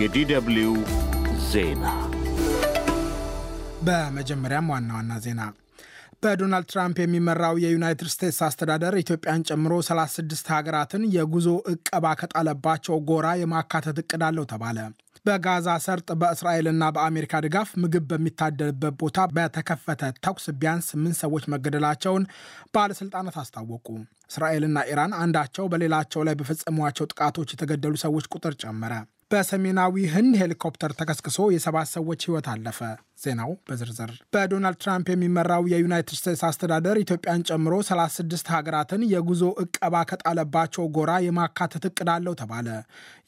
የዲደብልዩ ዜና በመጀመሪያም ዋና ዋና ዜና በዶናልድ ትራምፕ የሚመራው የዩናይትድ ስቴትስ አስተዳደር ኢትዮጵያን ጨምሮ 36 ሀገራትን የጉዞ እቀባ ከጣለባቸው ጎራ የማካተት እቅድ አለው ተባለ። በጋዛ ሰርጥ በእስራኤልና በአሜሪካ ድጋፍ ምግብ በሚታደልበት ቦታ በተከፈተ ተኩስ ቢያንስ ስምንት ሰዎች መገደላቸውን ባለስልጣናት አስታወቁ። እስራኤልና ኢራን አንዳቸው በሌላቸው ላይ በፈጸሟቸው ጥቃቶች የተገደሉ ሰዎች ቁጥር ጨመረ። በሰሜናዊ ህንድ ሄሊኮፕተር ተከስክሶ የሰባት ሰዎች ህይወት አለፈ። ዜናው በዝርዝር በዶናልድ ትራምፕ የሚመራው የዩናይትድ ስቴትስ አስተዳደር ኢትዮጵያን ጨምሮ 36 ሀገራትን የጉዞ እቀባ ከጣለባቸው ጎራ የማካተት እቅድ አለው ተባለ።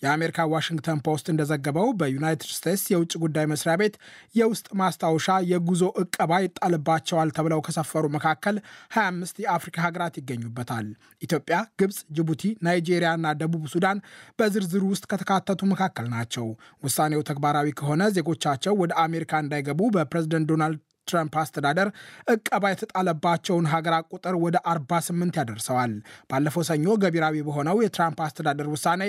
የአሜሪካ ዋሽንግተን ፖስት እንደዘገበው በዩናይትድ ስቴትስ የውጭ ጉዳይ መስሪያ ቤት የውስጥ ማስታወሻ የጉዞ እቀባ ይጣልባቸዋል ተብለው ከሰፈሩ መካከል 25 የአፍሪካ ሀገራት ይገኙበታል። ኢትዮጵያ፣ ግብፅ፣ ጅቡቲ፣ ናይጄሪያ እና ደቡብ ሱዳን በዝርዝሩ ውስጥ ከተካተቱ መካከል ናቸው። ውሳኔው ተግባራዊ ከሆነ ዜጎቻቸው ወደ አሜሪካ እንዳይገቡ በፕሬዝደንት ዶናልድ ትራምፕ አስተዳደር እቀባ የተጣለባቸውን ሀገራት ቁጥር ወደ 48 ያደርሰዋል። ባለፈው ሰኞ ገቢራዊ በሆነው የትራምፕ አስተዳደር ውሳኔ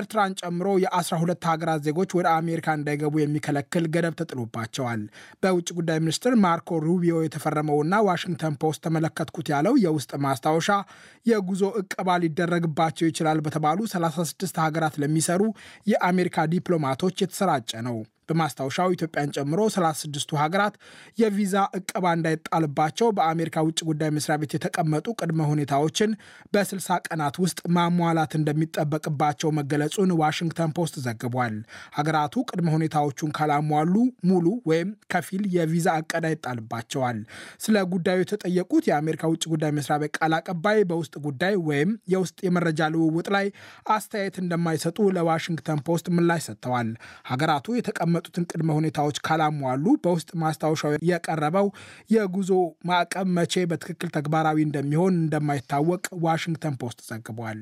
ኤርትራን ጨምሮ የ12 ሀገራት ዜጎች ወደ አሜሪካ እንዳይገቡ የሚከለክል ገደብ ተጥሎባቸዋል። በውጭ ጉዳይ ሚኒስትር ማርኮ ሩቢዮ የተፈረመውና ዋሽንግተን ፖስት ተመለከትኩት ያለው የውስጥ ማስታወሻ የጉዞ እቀባ ሊደረግባቸው ይችላል በተባሉ 36 ሀገራት ለሚሰሩ የአሜሪካ ዲፕሎማቶች የተሰራጨ ነው። በማስታወሻው ኢትዮጵያን ጨምሮ 36ቱ ሀገራት የቪዛ እቀባ እንዳይጣልባቸው በአሜሪካ ውጭ ጉዳይ መስሪያ ቤት የተቀመጡ ቅድመ ሁኔታዎችን በ60 ቀናት ውስጥ ማሟላት እንደሚጠበቅባቸው መገለጹን ዋሽንግተን ፖስት ዘግቧል። ሀገራቱ ቅድመ ሁኔታዎቹን ካላሟሉ ሙሉ ወይም ከፊል የቪዛ እቀዳ ይጣልባቸዋል። ስለ ጉዳዩ የተጠየቁት የአሜሪካ ውጭ ጉዳይ መስሪያ ቤት ቃል አቀባይ በውስጥ ጉዳይ ወይም የውስጥ የመረጃ ልውውጥ ላይ አስተያየት እንደማይሰጡ ለዋሽንግተን ፖስት ምላሽ ሰጥተዋል። ሀገራቱ የተቀመ የተቀመጡትን ቅድመ ሁኔታዎች ካላሟሉ በውስጥ ማስታወሻው የቀረበው የጉዞ ማዕቀብ መቼ በትክክል ተግባራዊ እንደሚሆን እንደማይታወቅ ዋሽንግተን ፖስት ዘግቧል።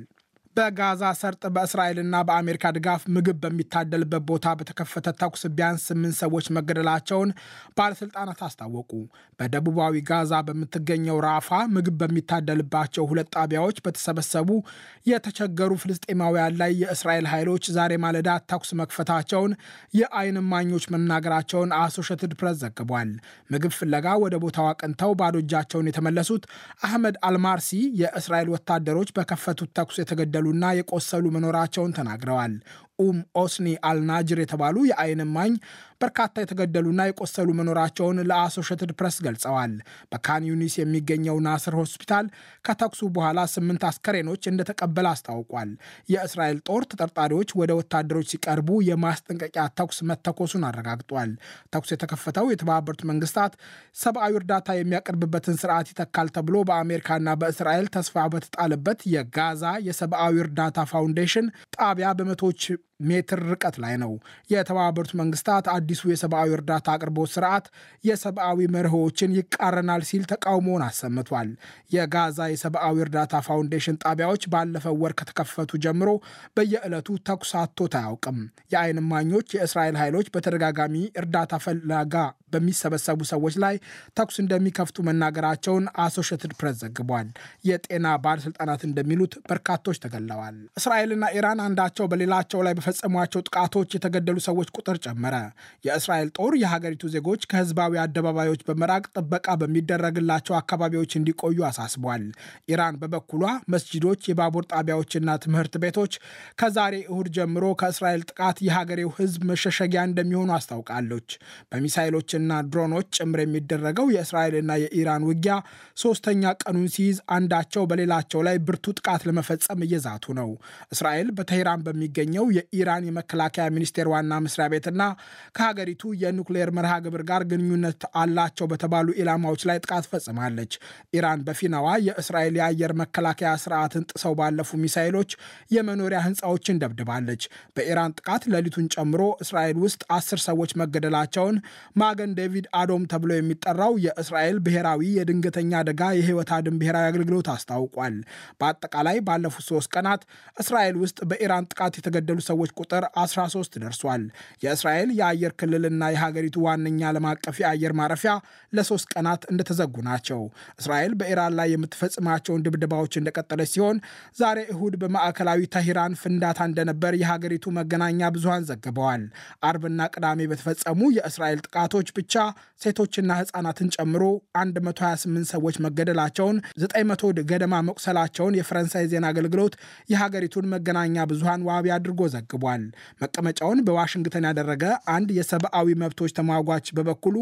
በጋዛ ሰርጥ በእስራኤልና በአሜሪካ ድጋፍ ምግብ በሚታደልበት ቦታ በተከፈተ ተኩስ ቢያንስ ስምንት ሰዎች መገደላቸውን ባለስልጣናት አስታወቁ። በደቡባዊ ጋዛ በምትገኘው ራፋ ምግብ በሚታደልባቸው ሁለት ጣቢያዎች በተሰበሰቡ የተቸገሩ ፍልስጤማውያን ላይ የእስራኤል ኃይሎች ዛሬ ማለዳ ተኩስ መክፈታቸውን የአይን ማኞች መናገራቸውን አሶሼትድ ፕሬስ ዘግቧል። ምግብ ፍለጋ ወደ ቦታው አቅንተው ባዶ እጃቸውን የተመለሱት አህመድ አልማርሲ የእስራኤል ወታደሮች በከፈቱት ተኩስ የተገደሉ የቆሰሉና የቆሰሉ መኖራቸውን ተናግረዋል። ኡም ኦስኒ አልናጅር የተባሉ የአይን እማኝ በርካታ የተገደሉና የቆሰሉ መኖራቸውን ለአሶሼትድ ፕሬስ ገልጸዋል። በካን ዩኒስ የሚገኘው ናስር ሆስፒታል ከተኩሱ በኋላ ስምንት አስከሬኖች እንደተቀበለ አስታውቋል። የእስራኤል ጦር ተጠርጣሪዎች ወደ ወታደሮች ሲቀርቡ የማስጠንቀቂያ ተኩስ መተኮሱን አረጋግጧል። ተኩስ የተከፈተው የተባበሩት መንግስታት ሰብአዊ እርዳታ የሚያቀርብበትን ስርዓት ይተካል ተብሎ በአሜሪካና በእስራኤል ተስፋ በተጣለበት የጋዛ የሰብአዊ እርዳታ ፋውንዴሽን ጣቢያ በመቶዎች ሜትር ርቀት ላይ ነው። የተባበሩት መንግስታት አዲሱ የሰብአዊ እርዳታ አቅርቦት ስርዓት የሰብአዊ መርሆዎችን ይቃረናል ሲል ተቃውሞውን አሰምቷል። የጋዛ የሰብአዊ እርዳታ ፋውንዴሽን ጣቢያዎች ባለፈው ወር ከተከፈቱ ጀምሮ በየዕለቱ ተኩስ አቶት አያውቅም። የአይን እማኞች የእስራኤል ኃይሎች በተደጋጋሚ እርዳታ ፈላጋ በሚሰበሰቡ ሰዎች ላይ ተኩስ እንደሚከፍቱ መናገራቸውን አሶሽትድ ፕሬስ ዘግቧል። የጤና ባለስልጣናት እንደሚሉት በርካቶች ተገለዋል። እስራኤልና ኢራን አንዳቸው በሌላቸው ላይ በፈጸሟቸው ጥቃቶች የተገደሉ ሰዎች ቁጥር ጨመረ። የእስራኤል ጦር የሀገሪቱ ዜጎች ከህዝባዊ አደባባዮች በመራቅ ጥበቃ በሚደረግላቸው አካባቢዎች እንዲቆዩ አሳስቧል። ኢራን በበኩሏ መስጂዶች፣ የባቡር ጣቢያዎችና ትምህርት ቤቶች ከዛሬ እሁድ ጀምሮ ከእስራኤል ጥቃት የሀገሬው ህዝብ መሸሸጊያ እንደሚሆኑ አስታውቃለች። በሚሳይሎች ሚሳይሎችና ድሮኖች ጭምር የሚደረገው የእስራኤልና የኢራን ውጊያ ሶስተኛ ቀኑን ሲይዝ አንዳቸው በሌላቸው ላይ ብርቱ ጥቃት ለመፈጸም እየዛቱ ነው። እስራኤል በተሄራን በሚገኘው የኢራን የመከላከያ ሚኒስቴር ዋና መስሪያ ቤትና ከሀገሪቱ የኑክሌር መርሃ ግብር ጋር ግንኙነት አላቸው በተባሉ ኢላማዎች ላይ ጥቃት ፈጽማለች። ኢራን በፊናዋ የእስራኤል የአየር መከላከያ ስርዓትን ጥሰው ባለፉ ሚሳይሎች የመኖሪያ ህንፃዎችን ደብድባለች። በኢራን ጥቃት ሌሊቱን ጨምሮ እስራኤል ውስጥ አስር ሰዎች መገደላቸውን ማገ ሄለን ዴቪድ አዶም ተብሎ የሚጠራው የእስራኤል ብሔራዊ የድንገተኛ አደጋ የህይወት አድን ብሔራዊ አገልግሎት አስታውቋል። በአጠቃላይ ባለፉት ሶስት ቀናት እስራኤል ውስጥ በኢራን ጥቃት የተገደሉ ሰዎች ቁጥር 13 ደርሷል። የእስራኤል የአየር ክልልና የሀገሪቱ ዋነኛ ዓለም አቀፍ የአየር ማረፊያ ለሶስት ቀናት እንደተዘጉ ናቸው። እስራኤል በኢራን ላይ የምትፈጽማቸውን ድብደባዎች እንደቀጠለች ሲሆን ዛሬ እሁድ በማዕከላዊ ተሂራን ፍንዳታ እንደነበር የሀገሪቱ መገናኛ ብዙሃን ዘግበዋል። አርብና ቅዳሜ በተፈጸሙ የእስራኤል ጥቃቶች ብቻ ሴቶችና ህጻናትን ጨምሮ 128 ሰዎች መገደላቸውን 900 ገደማ መቁሰላቸውን የፈረንሳይ ዜና አገልግሎት የሀገሪቱን መገናኛ ብዙሃን ዋቢ አድርጎ ዘግቧል። መቀመጫውን በዋሽንግተን ያደረገ አንድ የሰብአዊ መብቶች ተሟጓች በበኩሉ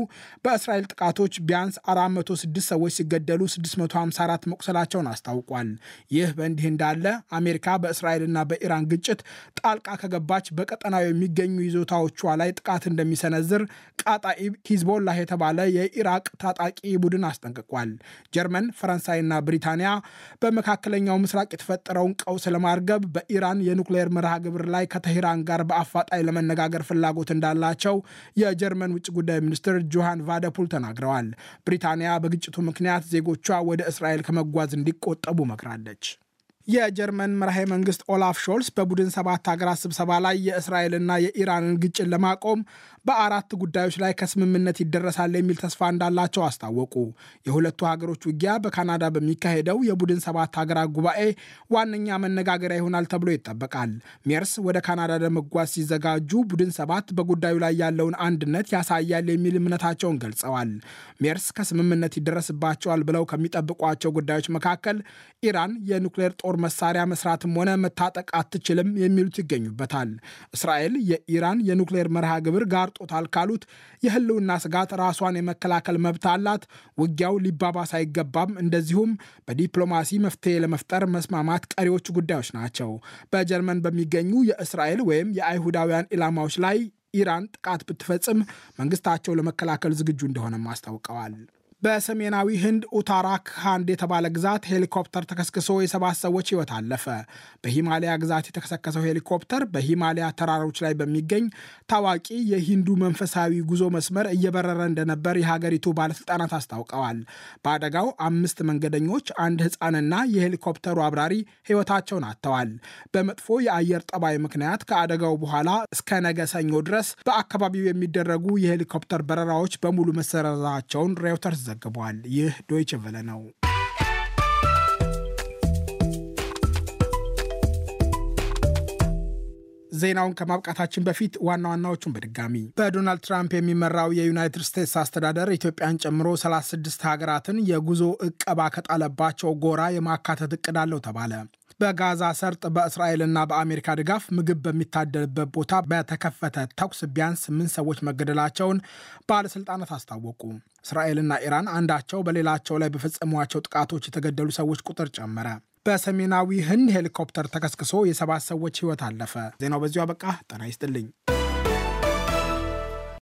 በእስራኤል ጥቃቶች ቢያንስ 406 ሰዎች ሲገደሉ 654 መቁሰላቸውን አስታውቋል። ይህ በእንዲህ እንዳለ አሜሪካ በእስራኤልና በኢራን ግጭት ጣልቃ ከገባች በቀጠናው የሚገኙ ይዞታዎቿ ላይ ጥቃት እንደሚሰነዝር ቃጣኢብ ሂዝቦላህ የተባለ የኢራቅ ታጣቂ ቡድን አስጠንቅቋል። ጀርመን፣ ፈረንሳይና ብሪታንያ በመካከለኛው ምስራቅ የተፈጠረውን ቀውስ ለማርገብ በኢራን የኑክሌር መርሃ ግብር ላይ ከተሄራን ጋር በአፋጣኝ ለመነጋገር ፍላጎት እንዳላቸው የጀርመን ውጭ ጉዳይ ሚኒስትር ጆሃን ቫደፑል ተናግረዋል። ብሪታንያ በግጭቱ ምክንያት ዜጎቿ ወደ እስራኤል ከመጓዝ እንዲቆጠቡ መክራለች። የጀርመን መራሄ መንግስት ኦላፍ ሾልስ በቡድን ሰባት ሀገራት ስብሰባ ላይ የእስራኤልና የኢራንን ግጭት ለማቆም በአራት ጉዳዮች ላይ ከስምምነት ይደረሳል የሚል ተስፋ እንዳላቸው አስታወቁ። የሁለቱ ሀገሮች ውጊያ በካናዳ በሚካሄደው የቡድን ሰባት ሀገራት ጉባኤ ዋነኛ መነጋገሪያ ይሆናል ተብሎ ይጠበቃል። ሜርስ ወደ ካናዳ ለመጓዝ ሲዘጋጁ ቡድን ሰባት በጉዳዩ ላይ ያለውን አንድነት ያሳያል የሚል እምነታቸውን ገልጸዋል። ሜርስ ከስምምነት ይደረስባቸዋል ብለው ከሚጠብቋቸው ጉዳዮች መካከል ኢራን የኑክሌር ጦር የጦር መሳሪያ መስራትም ሆነ መታጠቅ አትችልም የሚሉት ይገኙበታል። እስራኤል የኢራን የኑክሌር መርሃ ግብር ጋርጦታል ካሉት የህልውና ስጋት ራሷን የመከላከል መብት አላት፣ ውጊያው ሊባባስ አይገባም፣ እንደዚሁም በዲፕሎማሲ መፍትሄ ለመፍጠር መስማማት ቀሪዎቹ ጉዳዮች ናቸው። በጀርመን በሚገኙ የእስራኤል ወይም የአይሁዳውያን ኢላማዎች ላይ ኢራን ጥቃት ብትፈጽም መንግስታቸው ለመከላከል ዝግጁ እንደሆነም አስታውቀዋል። በሰሜናዊ ህንድ ኡታራክ ሃንድ የተባለ ግዛት ሄሊኮፕተር ተከስክሶ የሰባት ሰዎች ህይወት አለፈ። በሂማሊያ ግዛት የተከሰከሰው ሄሊኮፕተር በሂማሊያ ተራሮች ላይ በሚገኝ ታዋቂ የሂንዱ መንፈሳዊ ጉዞ መስመር እየበረረ እንደነበር የሀገሪቱ ባለስልጣናት አስታውቀዋል። በአደጋው አምስት መንገደኞች፣ አንድ ህፃንና የሄሊኮፕተሩ አብራሪ ህይወታቸውን አጥተዋል። በመጥፎ የአየር ጠባይ ምክንያት ከአደጋው በኋላ እስከ ነገ ሰኞ ድረስ በአካባቢው የሚደረጉ የሄሊኮፕተር በረራዎች በሙሉ መሰረዛቸውን ሬውተርስ ዘግቧል። ይህ ዶይቸ ቨለ ነው። ዜናውን ከማብቃታችን በፊት ዋና ዋናዎቹን በድጋሚ በዶናልድ ትራምፕ የሚመራው የዩናይትድ ስቴትስ አስተዳደር ኢትዮጵያን ጨምሮ 36 ሀገራትን የጉዞ እቀባ ከጣለባቸው ጎራ የማካተት እቅድ አለው ተባለ። በጋዛ ሰርጥ በእስራኤልና በአሜሪካ ድጋፍ ምግብ በሚታደልበት ቦታ በተከፈተ ተኩስ ቢያንስ ስምንት ሰዎች መገደላቸውን ባለስልጣናት አስታወቁ። እስራኤልና ኢራን አንዳቸው በሌላቸው ላይ በፈጸሟቸው ጥቃቶች የተገደሉ ሰዎች ቁጥር ጨመረ። በሰሜናዊ ህንድ ሄሊኮፕተር ተከስክሶ የሰባት ሰዎች ህይወት አለፈ። ዜናው በዚሁ አበቃ። ጤና ይስጥልኝ።